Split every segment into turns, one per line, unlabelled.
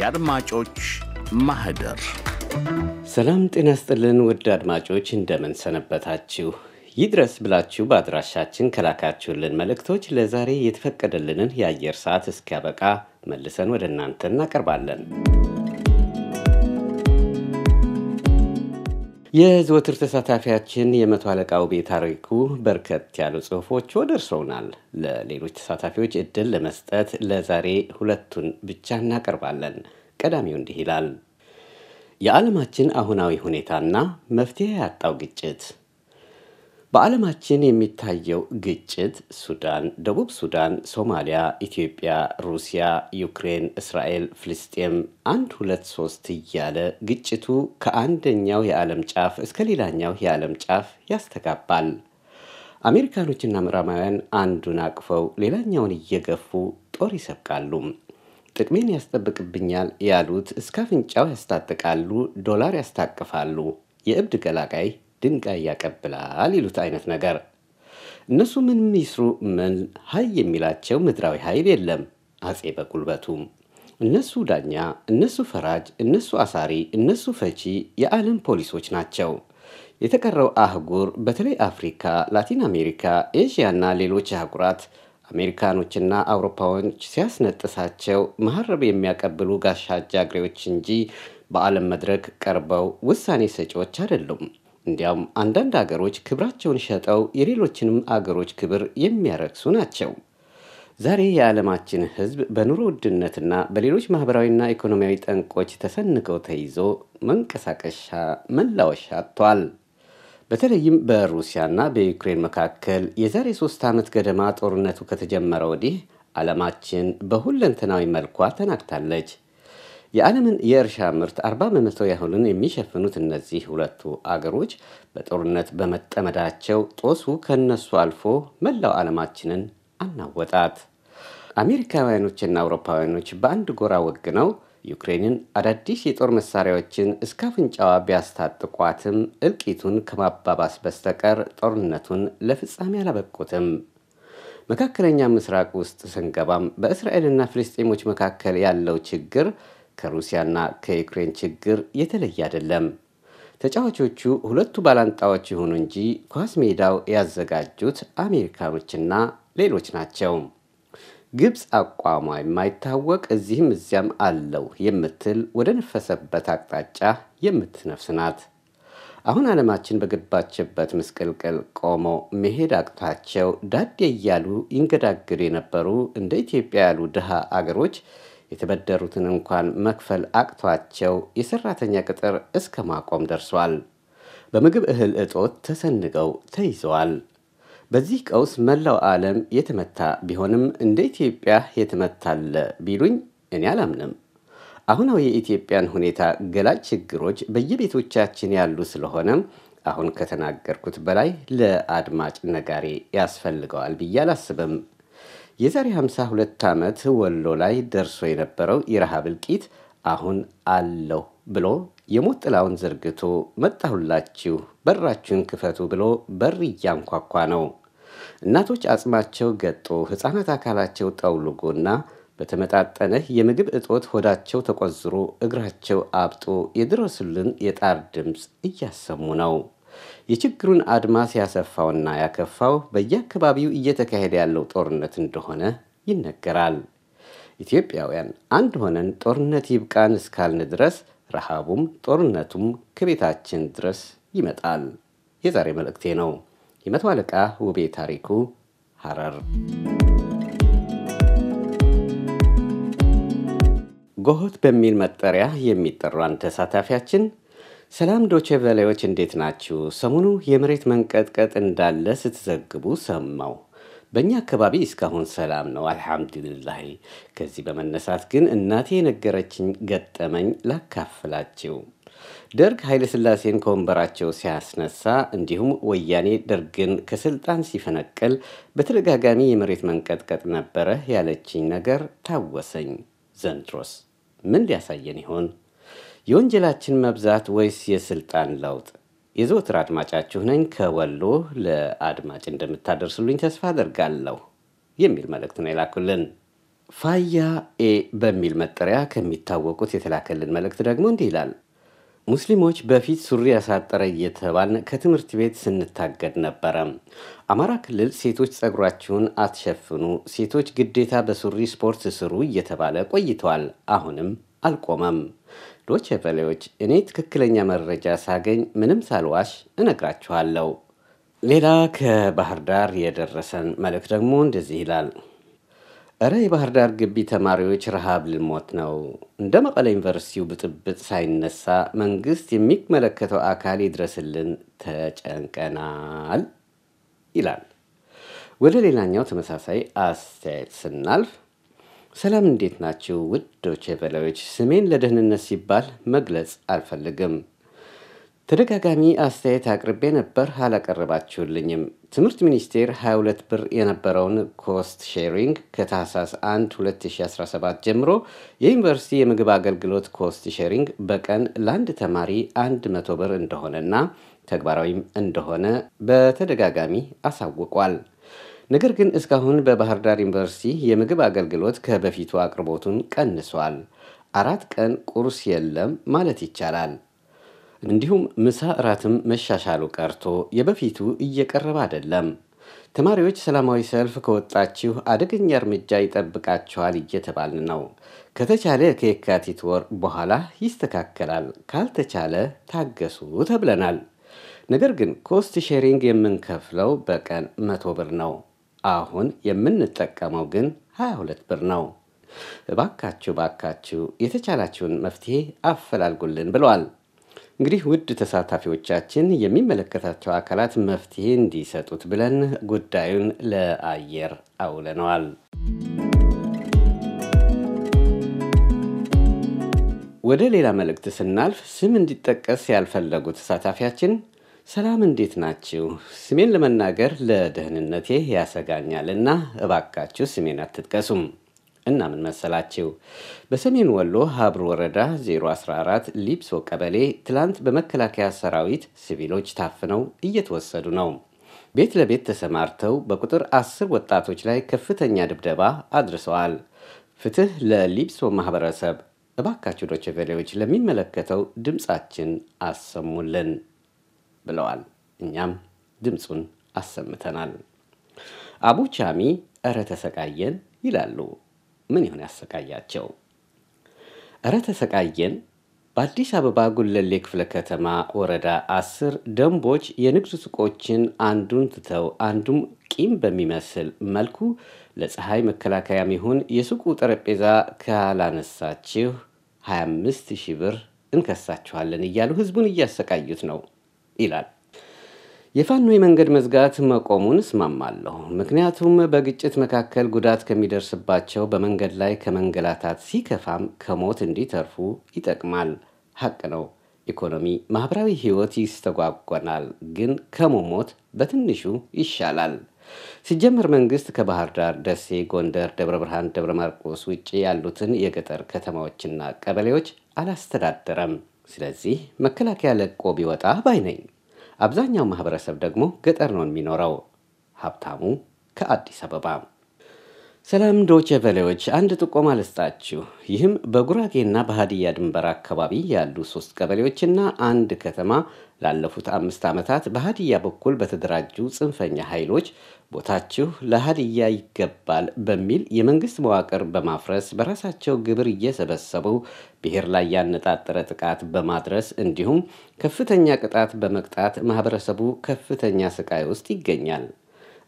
የአድማጮች ማህደር። ሰላም ጤና ስጥልን ውድ አድማጮች እንደምን ሰነበታችሁ? ይድረስ ብላችሁ በአድራሻችን ከላካችሁልን መልእክቶች ለዛሬ የተፈቀደልንን የአየር ሰዓት እስኪያበቃ መልሰን ወደ እናንተ እናቀርባለን። የዘወትር ተሳታፊያችን የመቶ አለቃው ቤታሪኩ በርከት ያሉ ጽሁፎች ወደ እርሰውናል። ለሌሎች ተሳታፊዎች እድል ለመስጠት ለዛሬ ሁለቱን ብቻ እናቀርባለን። ቀዳሚው እንዲህ ይላል። የዓለማችን አሁናዊ ሁኔታና መፍትሄ ያጣው ግጭት በዓለማችን የሚታየው ግጭት ሱዳን፣ ደቡብ ሱዳን፣ ሶማሊያ፣ ኢትዮጵያ፣ ሩሲያ፣ ዩክሬን፣ እስራኤል፣ ፍልስጤም አንድ ሁለት ሶስት እያለ ግጭቱ ከአንደኛው የዓለም ጫፍ እስከ ሌላኛው የዓለም ጫፍ ያስተጋባል። አሜሪካኖችና ምዕራባውያን አንዱን አቅፈው ሌላኛውን እየገፉ ጦር ይሰብቃሉ። ጥቅሜን ያስጠብቅብኛል ያሉት እስከ አፍንጫው ያስታጥቃሉ፣ ዶላር ያስታቅፋሉ። የእብድ ገላጋይ ድንጋይ ያቀብላል ይሉት አይነት ነገር። እነሱ ምንም ይስሩ ምን ሀይ የሚላቸው ምድራዊ ኃይል የለም። አጼ በጉልበቱም እነሱ ዳኛ፣ እነሱ ፈራጅ፣ እነሱ አሳሪ፣ እነሱ ፈቺ የዓለም ፖሊሶች ናቸው። የተቀረው አህጉር በተለይ አፍሪካ፣ ላቲን አሜሪካ፣ ኤዥያና ሌሎች አህጉራት አሜሪካኖችና አውሮፓዎች ሲያስነጥሳቸው መሀረብ የሚያቀብሉ ጋሻ ጃግሬዎች እንጂ በዓለም መድረክ ቀርበው ውሳኔ ሰጪዎች አይደሉም። እንዲያውም አንዳንድ አገሮች ክብራቸውን ሸጠው የሌሎችንም አገሮች ክብር የሚያረክሱ ናቸው። ዛሬ የዓለማችን ሕዝብ በኑሮ ውድነትና በሌሎች ማኅበራዊና ኢኮኖሚያዊ ጠንቆች ተሰንገው ተይዞ መንቀሳቀሻ መላወሻ አጥቷል። በተለይም በሩሲያና በዩክሬን መካከል የዛሬ ሶስት ዓመት ገደማ ጦርነቱ ከተጀመረ ወዲህ ዓለማችን በሁለንተናዊ መልኳ ተናግታለች። የዓለምን የእርሻ ምርት አርባ በመቶ ያህሉን የሚሸፍኑት እነዚህ ሁለቱ አገሮች በጦርነት በመጠመዳቸው ጦሱ ከነሱ አልፎ መላው ዓለማችንን አናወጣት። አሜሪካውያኖችና አውሮፓውያኖች በአንድ ጎራ ነው። ዩክሬንን አዳዲስ የጦር መሳሪያዎችን እስከ አፍንጫዋ ቢያስታጥቋትም እልቂቱን ከማባባስ በስተቀር ጦርነቱን ለፍጻሜ አላበቁትም። መካከለኛ ምስራቅ ውስጥ ስንገባም በእስራኤልና ፍልስጤሞች መካከል ያለው ችግር ከሩሲያና ከዩክሬን ችግር የተለየ አይደለም። ተጫዋቾቹ ሁለቱ ባላንጣዎች የሆኑ እንጂ ኳስ ሜዳው ያዘጋጁት አሜሪካኖችና ሌሎች ናቸው። ግብፅ አቋሟ የማይታወቅ እዚህም እዚያም አለው የምትል ወደ ነፈሰበት አቅጣጫ የምትነፍስ ናት። አሁን ዓለማችን በገባችበት ምስቅልቅል ቆመው መሄድ አቅቷቸው ዳዴ እያሉ ይንገዳግር የነበሩ እንደ ኢትዮጵያ ያሉ ድሃ አገሮች የተበደሩትን እንኳን መክፈል አቅቷቸው የሰራተኛ ቅጥር እስከ ማቆም ደርሷል። በምግብ እህል እጦት ተሰንገው ተይዘዋል። በዚህ ቀውስ መላው ዓለም የተመታ ቢሆንም እንደ ኢትዮጵያ የተመታለ ቢሉኝ እኔ አላምንም። አሁናዊ የኢትዮጵያን ሁኔታ ገላጭ ችግሮች በየቤቶቻችን ያሉ ስለሆነ አሁን ከተናገርኩት በላይ ለአድማጭ ነጋሪ ያስፈልገዋል ብዬ አላስብም። የዛሬ 52 ዓመት ወሎ ላይ ደርሶ የነበረው የረሃብ እልቂት አሁን አለሁ ብሎ የሞት ጥላውን ዘርግቶ መጣሁላችሁ በራችሁን ክፈቱ ብሎ በር እያንኳኳ ነው። እናቶች አጽማቸው ገጦ፣ ሕፃናት አካላቸው ጠውልጎና በተመጣጠነ የምግብ እጦት ሆዳቸው ተቆዝሮ እግራቸው አብጦ የድረሱልን የጣር ድምፅ እያሰሙ ነው። የችግሩን አድማስ ያሰፋውና ያከፋው በየአካባቢው እየተካሄደ ያለው ጦርነት እንደሆነ ይነገራል። ኢትዮጵያውያን አንድ ሆነን ጦርነት ይብቃን እስካልን ድረስ ረሃቡም ጦርነቱም ከቤታችን ድረስ ይመጣል። የዛሬ መልእክቴ ነው። የመቶ አለቃ ውቤ ታሪኩ ሐረር። ጎሆት በሚል መጠሪያ የሚጠሯን ተሳታፊያችን ሰላም ዶቼ በላዮች እንዴት ናችሁ? ሰሞኑ የመሬት መንቀጥቀጥ እንዳለ ስትዘግቡ ሰማው። በእኛ አካባቢ እስካሁን ሰላም ነው አልሐምዱሊላህ። ከዚህ በመነሳት ግን እናቴ የነገረችኝ ገጠመኝ ላካፍላችሁ። ደርግ ኃይለሥላሴን ከወንበራቸው ሲያስነሳ እንዲሁም ወያኔ ደርግን ከስልጣን ሲፈነቅል በተደጋጋሚ የመሬት መንቀጥቀጥ ነበረ ያለችኝ ነገር ታወሰኝ። ዘንድሮስ ምን ሊያሳየን ይሆን? የወንጀላችን መብዛት ወይስ የስልጣን ለውጥ? የዘወትር አድማጫችሁ ነኝ ከወሎ ለአድማጭ እንደምታደርስሉኝ ተስፋ አደርጋለሁ የሚል መልእክት ነው የላኩልን። ፋያ ኤ በሚል መጠሪያ ከሚታወቁት የተላከልን መልእክት ደግሞ እንዲህ ይላል። ሙስሊሞች በፊት ሱሪ ያሳጠረ እየተባልን ከትምህርት ቤት ስንታገድ ነበረ። አማራ ክልል ሴቶች ጸጉራችሁን አትሸፍኑ፣ ሴቶች ግዴታ በሱሪ ስፖርት ስሩ እየተባለ ቆይተዋል። አሁንም አልቆመም። ዶቼ ቬሌዎች፣ እኔ ትክክለኛ መረጃ ሳገኝ ምንም ሳልዋሽ እነግራችኋለሁ። ሌላ ከባህር ዳር የደረሰን መልእክት ደግሞ እንደዚህ ይላል። እረ የባህር ዳር ግቢ ተማሪዎች ረሃብ ልሞት ነው። እንደ መቀለ ዩኒቨርሲቲው ብጥብጥ ሳይነሳ መንግስት የሚመለከተው አካል ይድረስልን፣ ተጨንቀናል ይላል። ወደ ሌላኛው ተመሳሳይ አስተያየት ስናልፍ ሰላም እንዴት ናችሁ? ውድ ዶቼ ቬለዎች፣ ስሜን ለደህንነት ሲባል መግለጽ አልፈልግም። ተደጋጋሚ አስተያየት አቅርቤ ነበር፣ አላቀረባችሁልኝም። ትምህርት ሚኒስቴር 22 ብር የነበረውን ኮስት ሼሪንግ ከታህሳስ 1 2017 ጀምሮ የዩኒቨርሲቲ የምግብ አገልግሎት ኮስት ሼሪንግ በቀን ለአንድ ተማሪ 100 ብር እንደሆነና ተግባራዊም እንደሆነ በተደጋጋሚ አሳውቋል። ነገር ግን እስካሁን በባህር ዳር ዩኒቨርሲቲ የምግብ አገልግሎት ከበፊቱ አቅርቦቱን ቀንሷል። አራት ቀን ቁርስ የለም ማለት ይቻላል። እንዲሁም ምሳ፣ እራትም መሻሻሉ ቀርቶ የበፊቱ እየቀረበ አይደለም። ተማሪዎች ሰላማዊ ሰልፍ ከወጣችሁ አደገኛ እርምጃ ይጠብቃችኋል እየተባልን ነው። ከተቻለ ከየካቲት ወር በኋላ ይስተካከላል፣ ካልተቻለ ታገሱ ተብለናል። ነገር ግን ኮስት ሼሪንግ የምንከፍለው በቀን መቶ ብር ነው። አሁን የምንጠቀመው ግን 22 ብር ነው። እባካችሁ ባካችሁ የተቻላችሁን መፍትሄ አፈላልጉልን ብለዋል። እንግዲህ ውድ ተሳታፊዎቻችን የሚመለከታቸው አካላት መፍትሄ እንዲሰጡት ብለን ጉዳዩን ለአየር አውለነዋል። ወደ ሌላ መልእክት ስናልፍ ስም እንዲጠቀስ ያልፈለጉ ተሳታፊያችን ሰላም እንዴት ናችሁ? ስሜን ለመናገር ለደህንነቴ ያሰጋኛልና እባካችሁ ስሜን አትጥቀሱም። እና ምን መሰላችሁ? በሰሜን ወሎ ሀብር ወረዳ 014 ሊብሶ ቀበሌ ትላንት በመከላከያ ሰራዊት ሲቪሎች ታፍነው እየተወሰዱ ነው። ቤት ለቤት ተሰማርተው በቁጥር አስር ወጣቶች ላይ ከፍተኛ ድብደባ አድርሰዋል። ፍትህ ለሊብሶ ማህበረሰብ። እባካችሁ ዶቼ ቬሌዎች ለሚመለከተው ድምፃችን አሰሙልን። ብለዋል። እኛም ድምፁን አሰምተናል። አቡ ቻሚ እረ ተሰቃየን ይላሉ። ምን ይሆን ያሰቃያቸው? እረ ተሰቃየን በአዲስ አበባ ጉለሌ ክፍለ ከተማ ወረዳ አስር ደንቦች የንግድ ሱቆችን አንዱን ትተው አንዱም ቂም በሚመስል መልኩ ለፀሐይ መከላከያም ይሁን የሱቁ ጠረጴዛ ካላነሳችሁ 25 ሺህ ብር እንከሳችኋለን እያሉ ህዝቡን እያሰቃዩት ነው። ይላል። የፋኖ የመንገድ መዝጋት መቆሙን እስማማለሁ። ምክንያቱም በግጭት መካከል ጉዳት ከሚደርስባቸው በመንገድ ላይ ከመንገላታት ሲከፋም ከሞት እንዲተርፉ ይጠቅማል። ሀቅ ነው። ኢኮኖሚ፣ ማህበራዊ ህይወት ይስተጓጎናል፣ ግን ከመሞት በትንሹ ይሻላል። ሲጀመር መንግስት ከባህር ዳር፣ ደሴ፣ ጎንደር፣ ደብረ ብርሃን፣ ደብረ ማርቆስ ውጭ ያሉትን የገጠር ከተማዎችና ቀበሌዎች አላስተዳደረም። ስለዚህ መከላከያ ለቆ ቢወጣ ባይ ነኝ። አብዛኛው ማህበረሰብ ደግሞ ገጠር ነው የሚኖረው። ሀብታሙ ከአዲስ አበባ ሰላም ዶቼ ቬሌዎች፣ አንድ ጥቆማ ልስጣችሁ። ይህም በጉራጌና በሀዲያ ድንበር አካባቢ ያሉ ሶስት ቀበሌዎችና አንድ ከተማ ላለፉት አምስት ዓመታት በሀዲያ በኩል በተደራጁ ጽንፈኛ ኃይሎች ቦታችሁ ለሀዲያ ይገባል በሚል የመንግስት መዋቅር በማፍረስ በራሳቸው ግብር እየሰበሰቡ ብሔር ላይ ያነጣጠረ ጥቃት በማድረስ እንዲሁም ከፍተኛ ቅጣት በመቅጣት ማህበረሰቡ ከፍተኛ ስቃይ ውስጥ ይገኛል።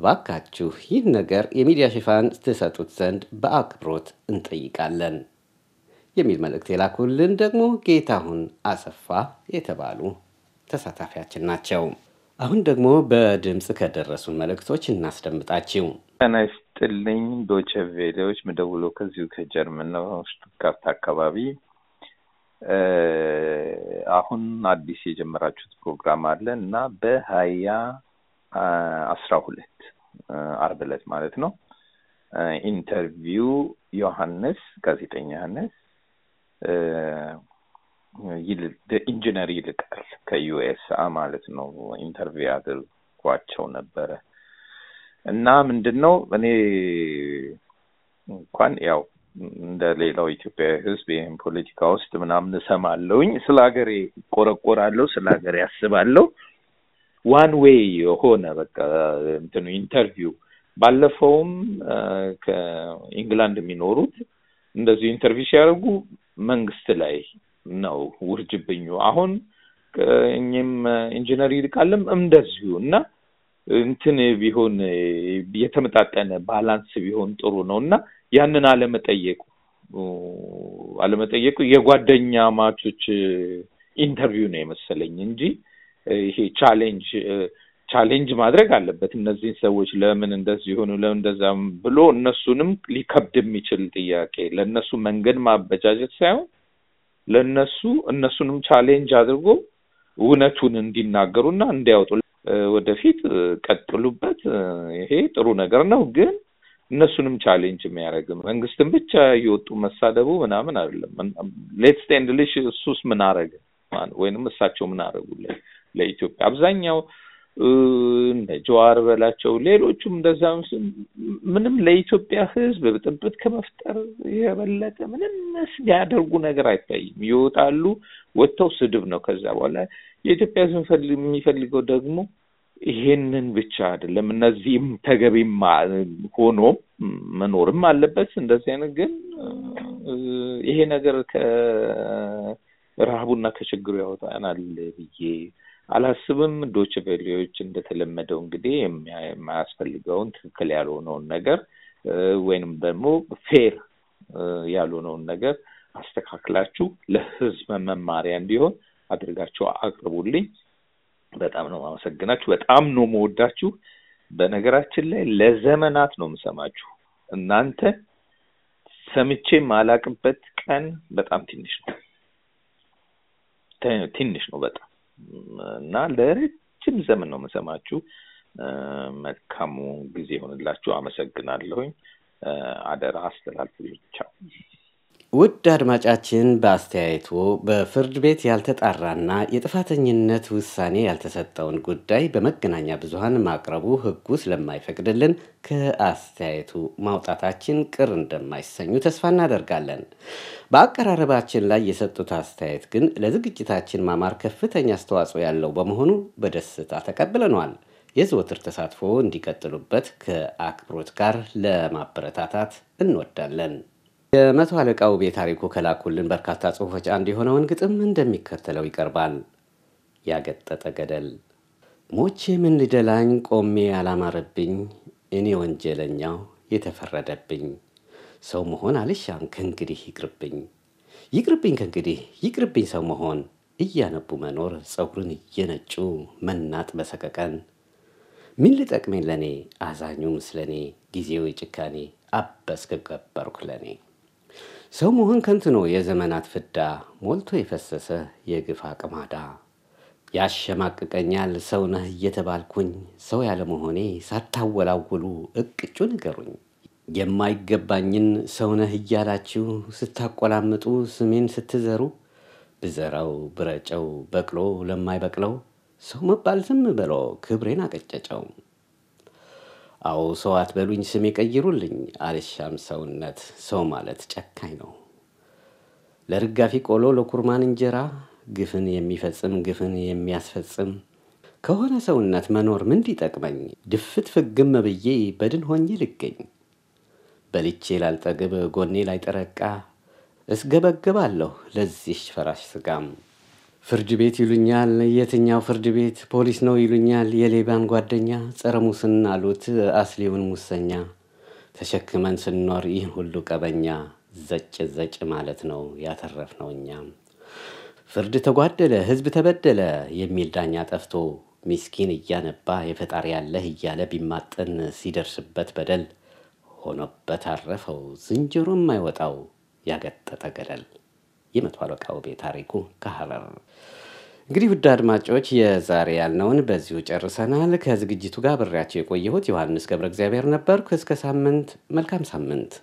እባካችሁ ይህን ነገር የሚዲያ ሽፋን ትሰጡት ዘንድ በአክብሮት እንጠይቃለን የሚል መልእክት የላኩልን ደግሞ ጌታሁን አሰፋ የተባሉ ተሳታፊያችን ናቸው። አሁን ደግሞ በድምፅ ከደረሱ መልእክቶች እናስደምጣችው። ጤና ይስጥልኝ
ቬሌዎች ምደውሎ ከዚሁ ከጀርመን ነው ሽቱትጋርት አካባቢ። አሁን አዲስ የጀመራችሁት ፕሮግራም አለ እና በሀያ አስራ ሁለት አርብ ዕለት ማለት ነው። ኢንተርቪው ዮሐንስ ጋዜጠኛ ዮሐንስ ኢንጂነር ይልቃል ከዩኤስአ ማለት ነው ኢንተርቪው አድርጓቸው ነበረ እና ምንድን ነው እኔ እንኳን ያው እንደ ሌላው ኢትዮጵያዊ ህዝብ ይህም ፖለቲካ ውስጥ ምናምን እሰማለውኝ ስለ ሀገሬ ቆረቆራለሁ ስለ ሀገሬ ያስባለሁ ዋን ዌይ የሆነ በቃ እንትኑ ኢንተርቪው ባለፈውም ከኢንግላንድ የሚኖሩት እንደዚሁ ኢንተርቪው ሲያደርጉ መንግስት ላይ ነው ውርጅብኙ። አሁን እኔም ኢንጂነር ይልቃለም እንደዚሁ እና እንትን ቢሆን የተመጣጠነ ባላንስ ቢሆን ጥሩ ነው እና ያንን አለመጠየቁ አለመጠየቁ የጓደኛ ማቾች ኢንተርቪው ነው የመሰለኝ እንጂ ይሄ ቻሌንጅ ቻሌንጅ ማድረግ አለበት። እነዚህን ሰዎች ለምን እንደዚህ ሆኑ፣ ለምን እንደዛም ብሎ እነሱንም ሊከብድ የሚችል ጥያቄ ለእነሱ መንገድ ማበጃጀት ሳይሆን ለእነሱ እነሱንም ቻሌንጅ አድርጎ እውነቱን እንዲናገሩና እንዲያወጡ ወደፊት ቀጥሉበት። ይሄ ጥሩ ነገር ነው ግን እነሱንም ቻሌንጅ የሚያደርግ መንግስትን ብቻ እየወጡ መሳደቡ ምናምን አይደለም። ሌትስ ኤንድ ልሽ እሱስ ምን አረገ ወይንም እሳቸው ምን አረጉለት ለኢትዮጵያ አብዛኛው እንደ ጀዋር በላቸው ሌሎቹም እንደዛ ምንም ለኢትዮጵያ ሕዝብ ብጥብጥ ከመፍጠር የበለጠ ምንም ያደርጉ ነገር አይታይም። ይወጣሉ፣ ወጥተው ስድብ ነው። ከዛ በኋላ የኢትዮጵያ ሕዝብ የሚፈልገው ደግሞ ይሄንን ብቻ አይደለም። እነዚህም ተገቢ ሆኖ መኖርም አለበት። እንደዚህ አይነት ግን ይሄ ነገር ከረሃቡና ከችግሩ ያወጣናል ብዬ አላስብም። ዶች ቬሌዎች እንደተለመደው እንግዲህ የማያስፈልገውን ትክክል ያልሆነውን ነገር ወይንም ደግሞ ፌር ያልሆነውን ነገር አስተካክላችሁ ለህዝብ መማሪያ እንዲሆን አድርጋችሁ አቅርቡልኝ። በጣም ነው ማመሰግናችሁ። በጣም ነው መወዳችሁ። በነገራችን ላይ ለዘመናት ነው የምሰማችሁ። እናንተ ሰምቼ ማላቅበት ቀን በጣም ትንሽ ነው፣ ትንሽ ነው በጣም እና ለረጅም ዘመን ነው የምሰማችሁ። መልካሙ ጊዜ ይሆንላችሁ። አመሰግናለሁኝ። አደራ አስተላልፍ ብቻው።
ውድ አድማጫችን በአስተያየቱ በፍርድ ቤት ያልተጣራና የጥፋተኝነት ውሳኔ ያልተሰጠውን ጉዳይ በመገናኛ ብዙሃን ማቅረቡ ሕጉ ስለማይፈቅድልን ከአስተያየቱ ማውጣታችን ቅር እንደማይሰኙ ተስፋ እናደርጋለን። በአቀራረባችን ላይ የሰጡት አስተያየት ግን ለዝግጅታችን ማማር ከፍተኛ አስተዋጽኦ ያለው በመሆኑ በደስታ ተቀብለነዋል። የዘወትር ተሳትፎ እንዲቀጥሉበት ከአክብሮት ጋር ለማበረታታት እንወዳለን። የመቶ አለቃው ቤታሪኩ ከላኩልን በርካታ ጽሁፎች አንዱ የሆነውን ግጥም እንደሚከተለው ይቀርባል። ያገጠጠ ገደል ሞቼ ምን ቆሜ ያላማረብኝ እኔ ወንጀለኛው የተፈረደብኝ ሰው መሆን አልሻም ከእንግዲህ ይቅርብኝ ይቅርብኝ ከእንግዲህ ይቅርብኝ ሰው መሆን እያነቡ መኖር ፀጉርን እየነጩ መናጥ በሰቀቀን ምን ልጠቅሜ ለእኔ አዛኙ ምስለኔ ጊዜው የጭካኔ ገበርኩ ለእኔ ሰው መሆን ከንቱ ነው የዘመናት ፍዳ ሞልቶ የፈሰሰ የግፍ አቅማዳ። ያሸማቅቀኛል ሰው ነህ እየተባልኩኝ ሰው ያለመሆኔ ሳታወላውሉ እቅጩ ንገሩኝ። የማይገባኝን ሰው ነህ እያላችሁ ስታቆላምጡ ስሜን ስትዘሩ ብዘራው ብረጨው በቅሎ ለማይበቅለው ሰው መባል ዝም በሎ ክብሬን አቀጨጨው። አዎ ሰው አትበሉኝ ስም የቀይሩልኝ አልሻም ሰውነት ሰው ማለት ጨካኝ ነው። ለርጋፊ ቆሎ ለኩርማን እንጀራ ግፍን የሚፈጽም ግፍን የሚያስፈጽም ከሆነ ሰውነት መኖር ምን ሊጠቅመኝ? ድፍት ፍግም ብዬ በድን ሆኜ ልገኝ በልቼ ላልጠግብ ጎኔ ላይ ጠረቃ እስገበግባለሁ ለዚህ ፈራሽ ስጋም ፍርድ ቤት ይሉኛል፣ የትኛው ፍርድ ቤት ፖሊስ ነው ይሉኛል፣ የሌባን ጓደኛ ጸረ ሙስና አሉት አስሌውን ሙሰኛ። ተሸክመን ስንኖር ይህን ሁሉ ቀበኛ ዘጭ ዘጭ ማለት ነው ያተረፍነው እኛም። ፍርድ ተጓደለ፣ ህዝብ ተበደለ የሚል ዳኛ ጠፍቶ ሚስኪን እያነባ የፈጣሪ ያለህ እያለ ቢማጠን ሲደርስበት በደል ሆኖበት አረፈው ዝንጀሮ የማይወጣው ያገጠጠ ገደል። የመቶ አለቃ ውቤ ታሪኩ ከሐረር። እንግዲህ ውድ አድማጮች የዛሬ ያልነውን በዚሁ ጨርሰናል። ከዝግጅቱ ጋር ብሬያቸው የቆየሁት ዮሐንስ ገብረ እግዚአብሔር ነበርኩ። እስከ ሳምንት፣ መልካም ሳምንት።